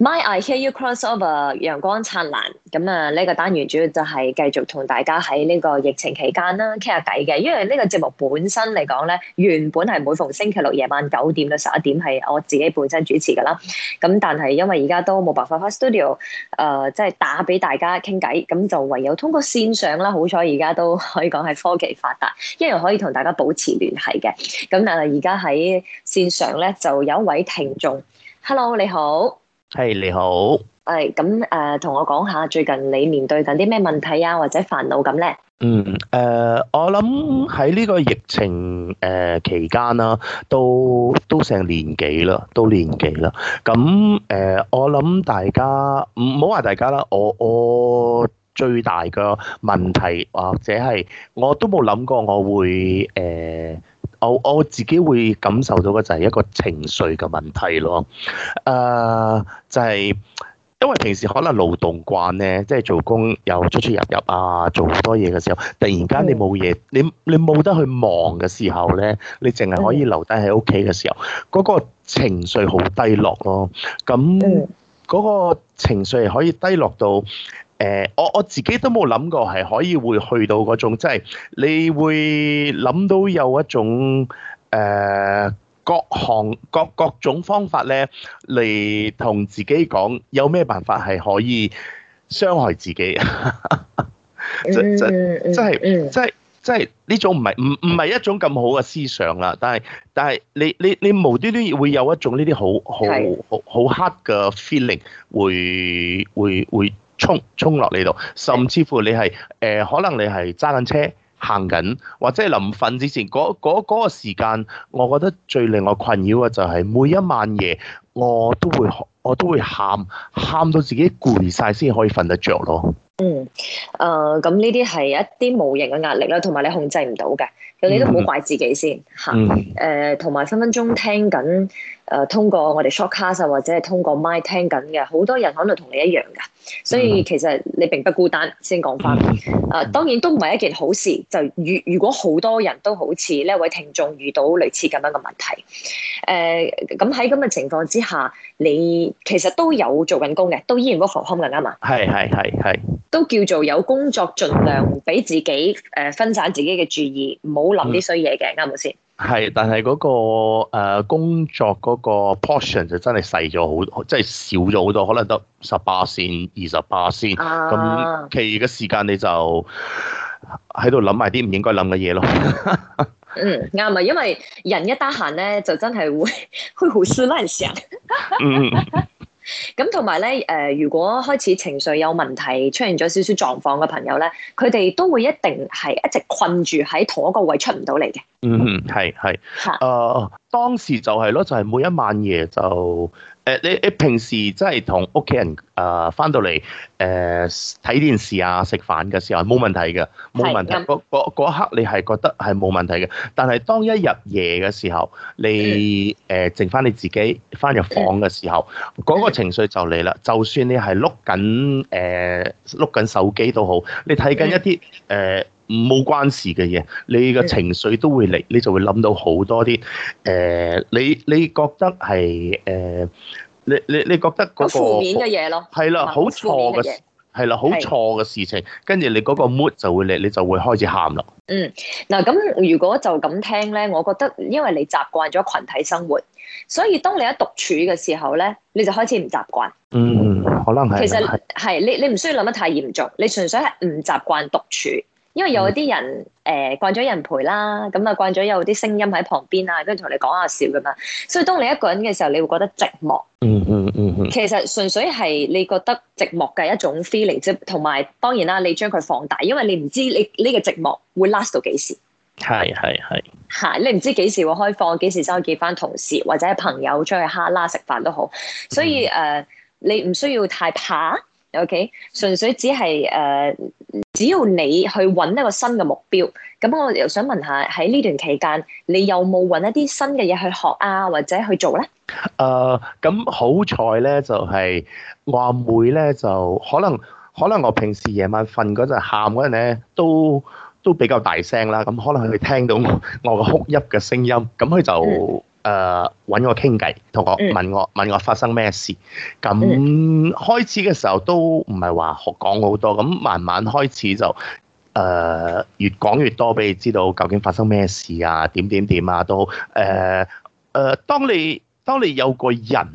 My I Hear U Crossover，陽光燦爛咁啊！呢個單元主要就係繼續同大家喺呢個疫情期間啦傾下偈嘅，因為呢個節目本身嚟講咧，原本係每逢星期六夜晚九點到十一點係我自己本身主持㗎啦。咁但係因為而家都冇辦法返 Studio，誒、呃，即係打俾大家傾偈，咁就唯有通過線上啦。好彩而家都可以講係科技發達，一樣可以同大家保持聯繫嘅。咁但係而家喺線上咧就有一位聽眾，Hello，你好。係、hey, 你好，係咁。誒，同我講下最近你面對緊啲咩問題啊，或者煩惱咁咧？嗯、誒，我諗喺呢個疫情誒、呃、期間啦、啊，都都成年幾啦，都年幾啦。咁、嗯、誒、呃，我諗大家唔好話大家啦，我我最大嘅問題或者係，我都冇諗過我會誒。呃我我自己會感受到嘅就係一個情緒嘅問題咯。誒，就係因為平時可能勞動慣咧，即係做工又出出入入啊，做好多嘢嘅時候，突然間你冇嘢，你你冇得去忙嘅時候咧，你淨係可以留低喺屋企嘅時候，嗰個情緒好低落咯。咁嗰個情緒可以低落到。誒，我我自己都冇諗過係可以會去到嗰種，即係你會諗到有一種誒、呃，各行各各種方法咧，嚟同自己講有咩辦法係可以傷害自己。嗯嗯嗯嗯。即係即係即係即係呢種唔係唔唔係一種咁好嘅思想啦。但係但係你你你無端端會有一種呢啲好好好好 hard 嘅 feeling，會會會，會會衝衝落你度，甚至乎你係誒、呃，可能你係揸緊車行緊，或者係臨瞓之前嗰嗰嗰個時間，我覺得最令我困擾嘅就係每一晚夜我都會我都會喊喊到自己攰晒先可以瞓得着咯。嗯，誒、呃，咁呢啲係一啲無形嘅壓力啦，同埋你控制唔到嘅，咁你都唔好怪自己先吓。誒、嗯，同埋、啊、分分鐘聽緊，誒、呃，通過我哋 shortcast、啊、或者係通過 MY 聽緊嘅，好多人可能同你一樣嘅，所以其實你並不孤單。嗯、先講翻，誒、啊，當然都唔係一件好事。就如如果好多人都好似呢位聽眾遇到類似咁樣嘅問題，誒、啊，咁喺咁嘅情況之下，你其實都有做緊工嘅，都依然 work from home 嘅，啱嘛？係係係係。都叫做有工作，儘量俾自己誒、呃、分散自己嘅注意，唔好諗啲衰嘢嘅，啱唔先？係吧，但係嗰、嗰個、呃、工作嗰個 portion 就真係細咗好多，即係少咗好多，可能得十八巴仙、二十八巴仙咁，啊、其餘嘅時間你就喺度諗埋啲唔應該諗嘅嘢咯。嗯，啱咪？因為人一得閒咧，就真係會會胡思亂想。 嗯。咁同埋咧，誒、呃，如果開始情緒有問題，出現咗少少狀況嘅朋友咧，佢哋都會一定係一直困住喺同一個位出唔到嚟嘅。嗯，係係。嚇！哦、 uh。當時就係、是、咯，就係、是、每一晚夜就誒、呃，你你平時即係同屋企人啊翻、呃、到嚟誒睇電視啊食飯嘅時候冇問題嘅，冇問題。嗰、嗯、刻你係覺得係冇問題嘅。但係當一日夜嘅時候，你誒、呃、剩翻你自己翻入房嘅時候，嗰、嗯、個情緒就嚟啦。嗯、就算你係碌緊誒碌緊手機都好，你睇緊一啲誒。呃冇關事嘅嘢，你個情緒都會嚟，你就會諗到好多啲誒、嗯呃，你你覺得係誒、呃，你你你覺得嗰、嗰個、負面嘅嘢咯，係啦的，好是錯嘅係啦，好錯嘅事情，跟住的你嗰個 mood 就會嚟，你就會開始喊啦。嗯，嗱，咁如果就咁聽咧，我覺得因為你習慣咗群體生活，所以當你一獨處嘅時候咧，你就開始唔習慣。嗯，可能係。其實係你你唔需要諗得太嚴重，你純粹係唔習慣獨處。因為有啲人誒慣咗人陪啦，咁啊慣咗有啲聲音喺旁邊啊，跟住同你講下笑咁啊，所以當你一個人嘅時候，你會覺得寂寞。嗯嗯嗯嗯。嗯嗯嗯其實純粹係你覺得寂寞嘅一種 feeling，即同埋當然啦，你將佢放大，因為你唔知你呢、這個寂寞會 last 到幾時。係係係。嚇！你唔知幾時會開放，幾時收可以見翻同事或者係朋友出去哈啦食飯都好，所以誒、嗯呃，你唔需要太怕。OK，純粹只係誒，只要你去揾一個新嘅目標，咁我又想問下喺呢段期間，你有冇揾一啲新嘅嘢去學啊，或者去做咧？誒，咁好彩咧，就係我阿妹咧，就可能可能我平時夜晚瞓嗰陣喊嗰陣咧，都都比較大聲啦，咁可能佢聽到我個哭泣嘅聲音，咁佢就。誒揾、uh, 我傾偈，同我問我問我發生咩事？咁開始嘅時候都唔係話講好多，咁慢慢開始就誒、uh, 越講越多，俾你知道究竟發生咩事啊？點點點啊都誒誒，uh, uh, 當你當你有個人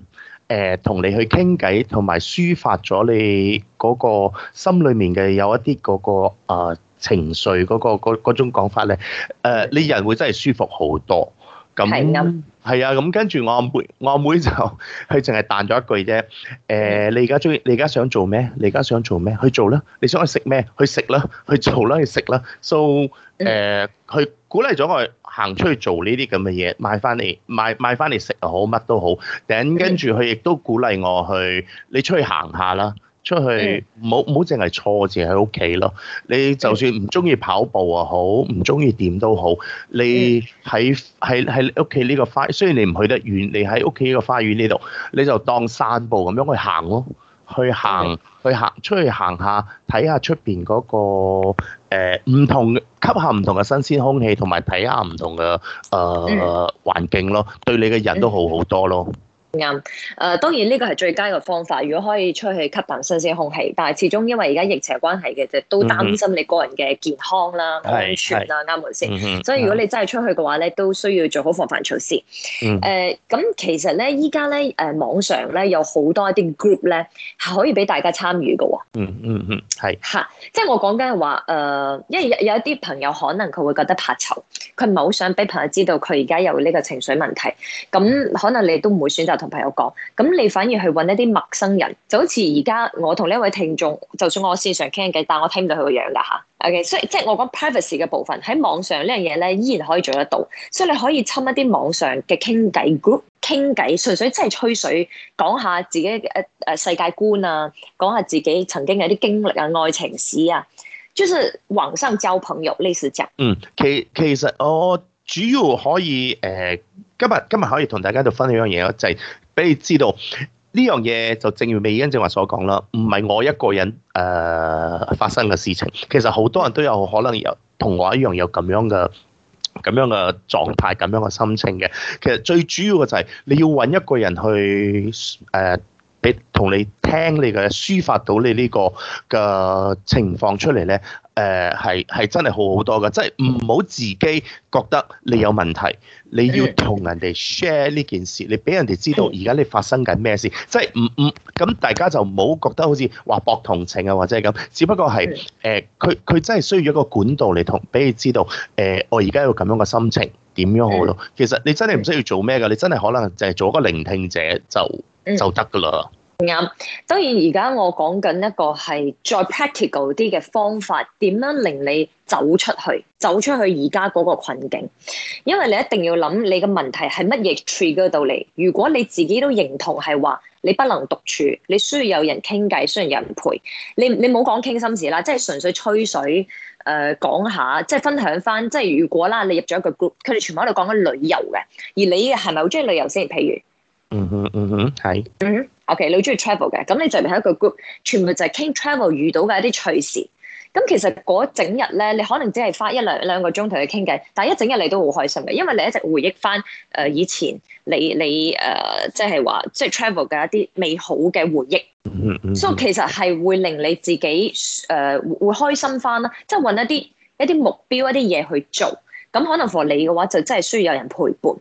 誒同、uh, 你去傾偈，同埋抒發咗你嗰個心裡面嘅有一啲嗰、嗰個、uh, 情緒嗰、嗰個嗰種講法咧，誒、uh, 你人會真係舒服好多。咁係啊，咁跟住我阿妹，我阿妹就佢淨係彈咗一句啫。誒、呃，你而家中意，你而家想做咩？你而家想做咩？去做啦！你想去食咩？去食啦！去做啦！去食啦！So 誒、呃，佢鼓勵咗我行出去做呢啲咁嘅嘢，買翻嚟，買買翻嚟食就好，乜都好。頂跟住佢亦都鼓勵我去，你出去行下啦。出去唔好唔好淨係坐住喺屋企咯，你就算唔中意跑步啊好，唔中意點都好，你喺喺喺屋企呢個花，雖然你唔去得遠，你喺屋企呢個花園呢度，你就當散步咁樣去行咯，去行、mm. 去行出去行下，睇下出邊嗰個誒唔同，吸下唔同嘅新鮮空氣，看看同埋睇下唔同嘅誒環境咯，對你嘅人都好好多咯。啱，誒、嗯呃，當然呢個係最佳嘅方法。如果可以出去吸啖新鮮空氣，但係始終因為而家疫情關係嘅啫，都擔心你個人嘅健康啦、嗯、安全啦啱唔啱先。所以如果你真係出去嘅話咧，都需要做好防範措施。誒、嗯，咁、呃、其實咧，依家咧，誒、呃，網上咧有好多一啲 group 咧，係可以俾大家參與嘅喎。嗯嗯嗯，係吓、啊，即係我講緊係話，誒、呃，因為有有一啲朋友可能佢會覺得怕醜，佢唔係好想俾朋友知道佢而家有呢個情緒問題，咁可能你都唔會選擇。同朋友講，咁你反而去搵一啲陌生人，就好似而家我同呢位聽眾，就算我線上傾偈，但我聽唔到佢個樣噶吓。OK，所以即係、就是、我講 privacy 嘅部分喺網上呢樣嘢咧，依然可以做得到。所以你可以侵一啲網上嘅傾偈 group 傾偈，純粹即係吹水，講下自己誒誒世界觀啊，講下自己曾經有啲經歷啊、愛情史啊，就是網上交朋友呢似嘅。嗯，其其實我。哦主要可以誒、呃，今日今日可以同大家就分享一樣嘢咯，就係、是、俾你知道呢樣嘢就正如美恩正話所講啦，唔係我一個人誒、呃、發生嘅事情，其實好多人都有可能有同我一樣有咁樣嘅咁樣嘅狀態、咁樣嘅心情嘅。其實最主要嘅就係、是、你要揾一個人去誒。呃俾同你聽你嘅抒發到你呢個嘅情況出嚟咧，誒係係真係好好多嘅，即係唔好自己覺得你有問題，你要同人哋 share 呢件事，你俾人哋知道而家你發生緊咩事，即係唔唔咁大家就唔好覺得好似話博同情啊或者係咁，只不過係誒佢佢真係需要一個管道嚟同俾你知道，誒、呃、我而家有咁樣嘅心情點樣好囉，其實你真係唔需要做咩噶，你真係可能就係做一個聆聽者就。嗯、就得噶啦，啱。當然而家我講緊一個係再 practical 啲嘅方法，點樣令你走出去，走出去而家嗰個困境。因為你一定要諗，你嘅問題係乜嘢 trigger 到你。如果你自己都認同係話你不能獨處，你需要有人傾偈，需要有人陪。你你冇講傾心事啦，即係純粹吹水。誒、呃，講下即係分享翻，即係如果啦，你入咗一個 group，佢哋全部喺度講緊旅遊嘅，而你係咪好中意旅遊先？譬如。嗯哼嗯哼係，嗯哼，OK，你好中意 travel 嘅，咁你就係喺一個 group，全部就係傾 travel 遇到嘅一啲趣事。咁其實嗰整日咧，你可能只係花一兩兩個鐘頭去傾偈，但係一整日你都好開心嘅，因為你一直回憶翻誒、呃、以前你你誒即係話即係 travel 嘅一啲美好嘅回憶。嗯嗯、mm，所、hmm. 以、so, 其實係會令你自己誒、呃、會開心翻啦，即係搵一啲一啲目標一啲嘢去做。咁可能 for 你嘅話就真係需要有人陪伴。誒、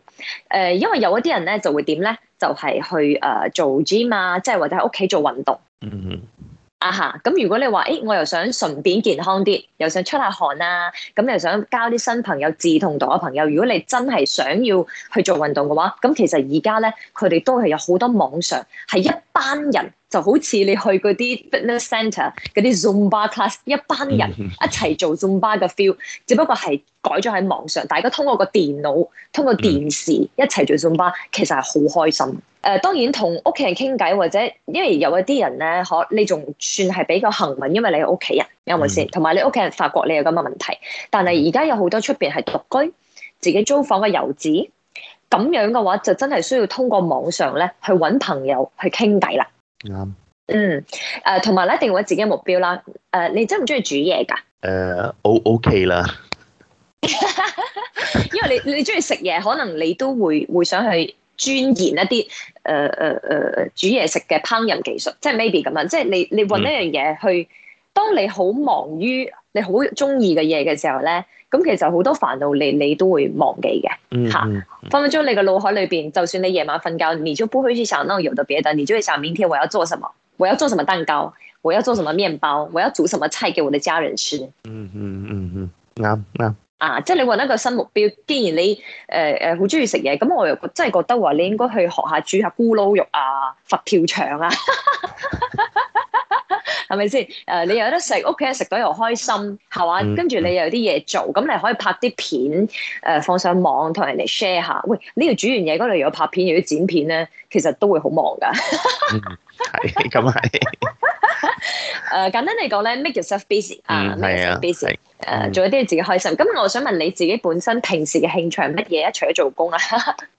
呃，因為有一啲人咧就會點咧？就係去誒做 gym 啊，即係或者喺屋企做運動。嗯嗯、mm，hmm. 啊哈，咁如果你話，誒、欸、我又想順便健康啲，又想出下汗啊，咁又想交啲新朋友、志同道合嘅朋友。如果你真係想要去做運動嘅話，咁其實而家咧，佢哋都係有好多網上係一班人。就好似你去嗰啲 fitness centre 嗰啲 zumba class，一班人一齊做 zumba 嘅 feel，只不過係改咗喺網上，大家通過個電腦，通過電視一齊做 zumba，其實係好開心。誒、呃，當然同屋企人傾偈或者因為有一啲人咧，可你仲算係比較幸運，因為你係屋企人有冇先？同埋，你屋企人發覺你有咁嘅問題，但係而家有好多出邊係獨居，自己租房嘅遊子咁樣嘅話就真係需要通過網上咧去揾朋友去傾偈啦。啱，嗯，誒、呃，同埋咧，一定搵自己嘅目標啦。誒、呃，你真唔中意煮嘢噶？誒，O，OK 啦，因為你你中意食嘢，可能你都會會想去鑽研一啲誒誒誒煮嘢食嘅烹飪技術，即係 maybe 咁樣，即係你你搵一樣嘢去，嗯、當你好忙於。你好中意嘅嘢嘅時候咧，咁其實好多煩惱你你都會忘記嘅嚇。分分鐘你個腦海裏邊，就算你夜晚瞓覺，你都不會去想那有得別的，你就會想明天我要做什麼？我要做什麼蛋糕？我要做什麼麵包？我要煮什麼菜給我的家人吃？嗯嗯嗯嗯，啱、嗯、啱、嗯。嗯嗯嗯、啊，即係你搵一個新目標。既然你誒誒好中意食嘢，咁、呃呃、我又真係覺得話，你應該去學下煮下咕嚕肉啊、佛跳牆啊。 係咪先？誒，你又有得食，屋企人食到又開心，係嘛？跟住、嗯、你又有啲嘢做，咁你可以拍啲片，誒放上網同人哋 share 下。喂，呢度煮完嘢嗰度又有拍片又要剪片咧，其實都會好忙㗎。 嗯，係，咁係。 誒，簡單嚟講咧，make yourself busy 啊，make yourself busy，誒，做一啲自己開心。咁我想問你自己本身平時嘅興趣係乜嘢啊？除咗做工啊？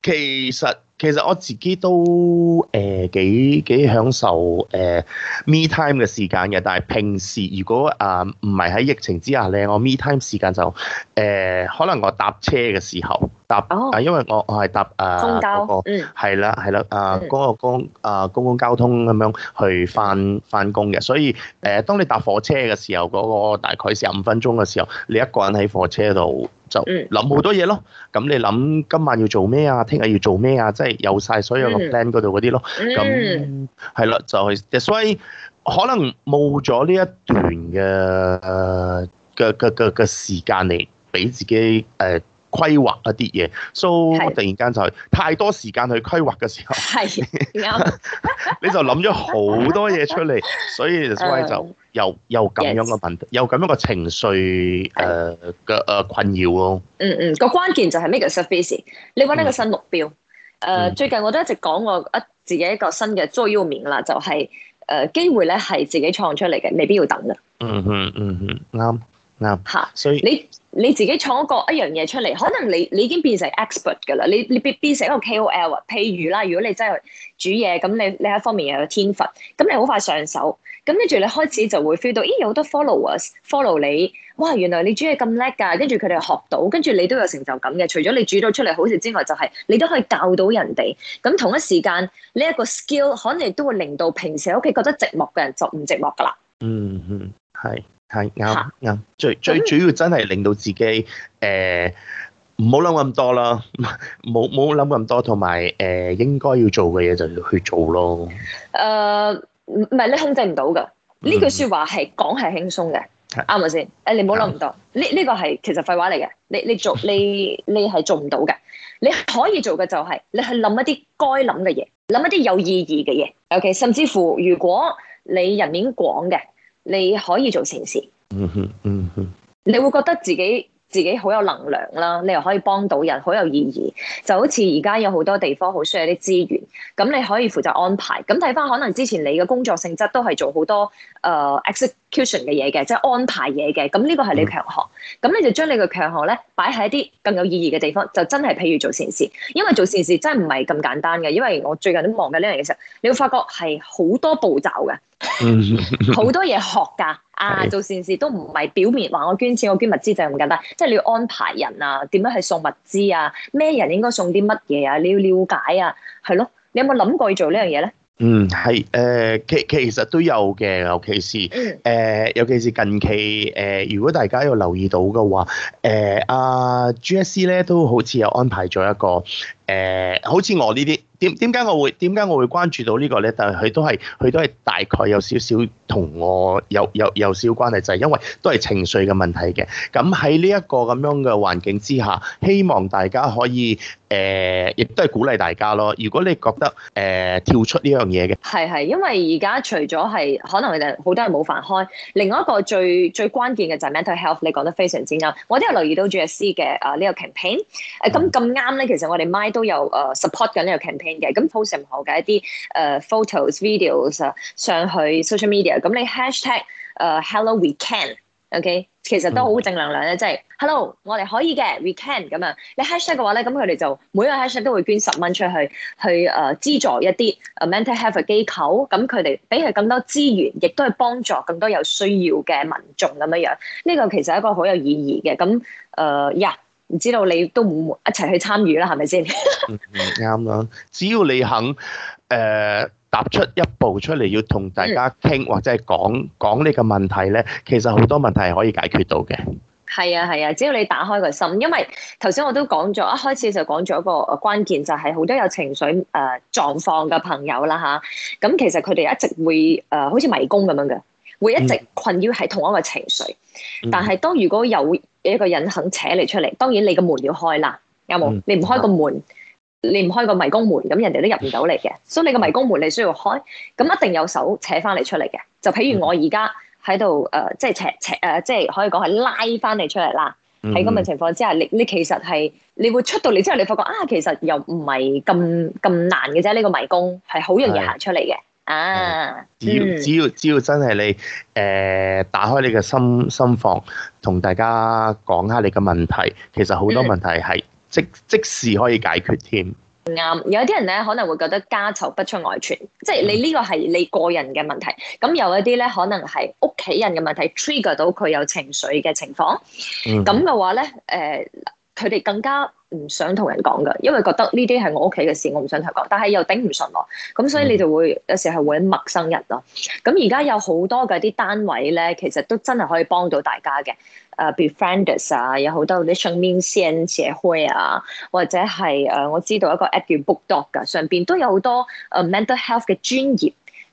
其實其實我自己都誒幾幾享受誒 me time 嘅時間嘅。但係平時如果誒唔係喺疫情之下咧，我 me time 時間就誒可能我搭車嘅時候搭，因為我我係搭誒公交，嗯，係啦係啦，誒個公誒公共交通咁樣去翻翻工嘅。所以，誒，當你搭火車嘅時候，嗰個大概四十五分鐘嘅時候，你一個人喺火車度就諗好多嘢咯。咁你諗今晚要做咩啊？聽日要做咩啊？即係有晒所有嘅 plan 嗰度嗰啲咯。咁係啦，就係，所以可能冇咗呢一段嘅嘅嘅嘅嘅時間嚟俾自己誒。規劃一啲嘢，so 突然間就係太多時間去規劃嘅時候，係啱，你就諗咗好多嘢出嚟，所以 s 就又又咁樣嘅問題，又咁樣嘅情緒誒嘅誒困擾咯。嗯嗯，個關鍵就係 make a new face，你揾一個新目標。誒，最近我都一直講我一自己一個新嘅 joy 面啦，就係誒機會咧係自己創出嚟嘅，未必要等嘅。嗯嗯嗯嗯，啱啱嚇，所以你。你自己創一個一樣嘢出嚟，可能你你已經變成 expert 㗎啦。你你變變成一個 KOL 啊。譬如啦，如果你真係煮嘢，咁你你一方面又有天分，咁你好快上手。咁跟住你開始就會 feel 到，咦有好多 followers follow 你，哇原來你煮嘢咁叻㗎。跟住佢哋學到，跟住你都有成就感嘅。除咗你煮到出嚟好食之外，就係、是、你都可以教到人哋。咁同一時間呢一、這個 skill，可能都會令到平時喺屋企覺得寂寞嘅人就唔寂寞㗎啦。嗯嗯、mm，係、hmm。係啱啱最最主要，真係令到自己誒，唔好諗咁多啦，冇冇諗咁多，同埋誒，應該要做嘅嘢就要去做咯。誒，唔係你控制唔到噶，呢句說話係講係輕鬆嘅，啱咪先？誒，你唔好諗咁多，呢呢個係其實廢話嚟嘅，你你做你你係做唔到嘅，你可以做嘅就係你去諗一啲該諗嘅嘢，諗一啲有意義嘅嘢。O K，甚至乎如果你人面廣嘅。你可以做善事，嗯哼，嗯哼，你會覺得自己自己好有能量啦，你又可以幫到人，好有意義。就好似而家有好多地方好需要啲資源，咁你可以負責安排。咁睇翻可能之前你嘅工作性質都係做好多誒、呃、execution 嘅嘢嘅，即係安排嘢嘅。咁呢個係你強項，咁你就將你嘅強項咧擺喺一啲更有意義嘅地方，就真係譬如做善事。因為做善事真係唔係咁簡單嘅，因為我最近都望緊呢樣嘢，其實你會發覺係好多步驟嘅。好 多嘢學噶，啊做善事都唔係表面話我捐錢，我捐物資就係咁簡單，即係你要安排人啊，點樣去送物資啊，咩人應該送啲乜嘢啊，你要了解啊，係咯，你有冇諗過去做呢樣嘢咧？嗯，係誒、呃，其其實都有嘅，尤其是誒、呃，尤其是近期誒、呃，如果大家要留意到嘅話，誒、呃、阿、啊、G S C 咧都好似有安排咗一個。誒、呃，好似我呢啲點點解我會點解我會關注到個呢個咧？但係佢都係佢都係大概有少少同我有有有，有少，少關係，就係、是、因為都係情緒嘅問題嘅。咁喺呢一個咁樣嘅環境之下，希望大家可以誒、呃，亦都係鼓勵大家咯。如果你覺得誒、呃、跳出呢樣嘢嘅，係係因為而家除咗係可能好多人冇飯開，另外一個最最關鍵嘅就係 mental health，你講得非常之啱。我都有留意到 J、嗯、C 嘅啊呢個 campaign，誒咁咁啱咧，其實我哋都有誒 support 緊呢個 campaign 嘅，咁 post 埋後嘅一啲誒 photos、videos 啊，上去 social media。咁你 hashtag 誒 hello，we can，ok，其實都好正能量咧，即係 hello，我哋可以嘅，we can 咁樣。你 hashtag 嘅話咧，咁佢哋就每一個 hashtag 都會捐十蚊出去，去誒資助一啲 mental health 機構，咁佢哋俾佢咁多資源，亦都係幫助咁多有需要嘅民眾咁樣樣。呢個其實係一個好有意義嘅，咁誒呀。唔知道你都冇一齊去參與啦，係咪先？啱 啦、嗯嗯，只要你肯誒、呃、踏出一步出嚟，要同大家傾、嗯、或者係講講呢個問題咧，其實好多問題係可以解決到嘅。係啊係啊，只要你打開個心，因為頭先我都講咗，一開始就講咗一個關鍵，就係好多有情緒誒狀況嘅朋友啦吓，咁、啊、其實佢哋一直會誒、呃、好似迷宮咁樣嘅。會一直困擾喺同一個情緒，但係當如果有一個人肯扯你出嚟，當然你個門要開啦，有冇？嗯、你唔開個門，嗯、你唔開個迷宮門，咁人哋都入唔到嚟嘅，嗯、所以你個迷宮門你需要開，咁一定有手扯翻你出嚟嘅。就譬如我而家喺度，誒、呃，即係扯扯，誒、呃，即係可以講係拉翻你出嚟啦。喺咁嘅情況之下，你你其實係你會出到嚟之後，你發覺啊，其實又唔係咁咁難嘅啫，呢、嗯、個迷宮係好容易行出嚟嘅。嗯嗯嗯啊、嗯！只要只要只要真係你誒、呃、打開你嘅心心房，同大家講下你嘅問題，其實好多問題係即、嗯、即時可以解決添。啱，有啲人咧可能會覺得家醜不出外傳，即係你呢個係你個人嘅問題。咁、嗯、有一啲咧可能係屋企人嘅問題 trigger 到佢有情緒嘅情況。咁嘅、嗯、話咧，誒、呃。佢哋更加唔想同人講噶，因為覺得呢啲係我屋企嘅事，我唔想同佢講。但係又頂唔順喎，咁所以你就會有時係揾陌生人咯。咁而家有好多嘅啲單位咧，其實都真係可以幫到大家嘅。誒、呃，befriends 啊，有好多啲 community 社會啊，或者係誒、呃，我知道一個 app 叫 bookdog 噶，上邊都有好多誒、呃、mental health 嘅專業。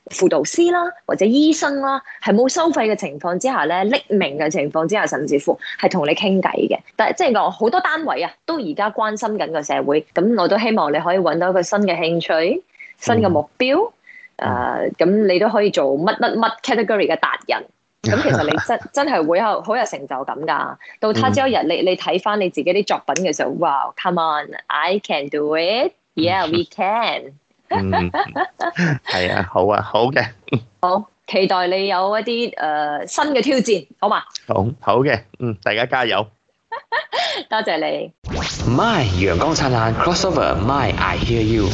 輔導師啦，或者醫生啦，係冇收費嘅情況之下咧，匿名嘅情況之下，甚至乎係同你傾偈嘅。但係即係講好多單位啊，都而家關心緊個社會，咁我都希望你可以搵到一個新嘅興趣、新嘅目標。誒、嗯、咁、uh，你都可以做乜乜乜 category 嘅達人。咁其實你真 真係會有好有成就感㗎。到他朝一日你你睇翻你自己啲作品嘅時候，哇！Come on，I can do it。Yeah，we can。嗯，係啊，好啊，好嘅，好期待你有一啲誒、呃、新嘅挑戰，好嗎？好，好嘅，嗯，大家加油， 多謝你。My 陽光燦爛，Crossover，My I Hear U。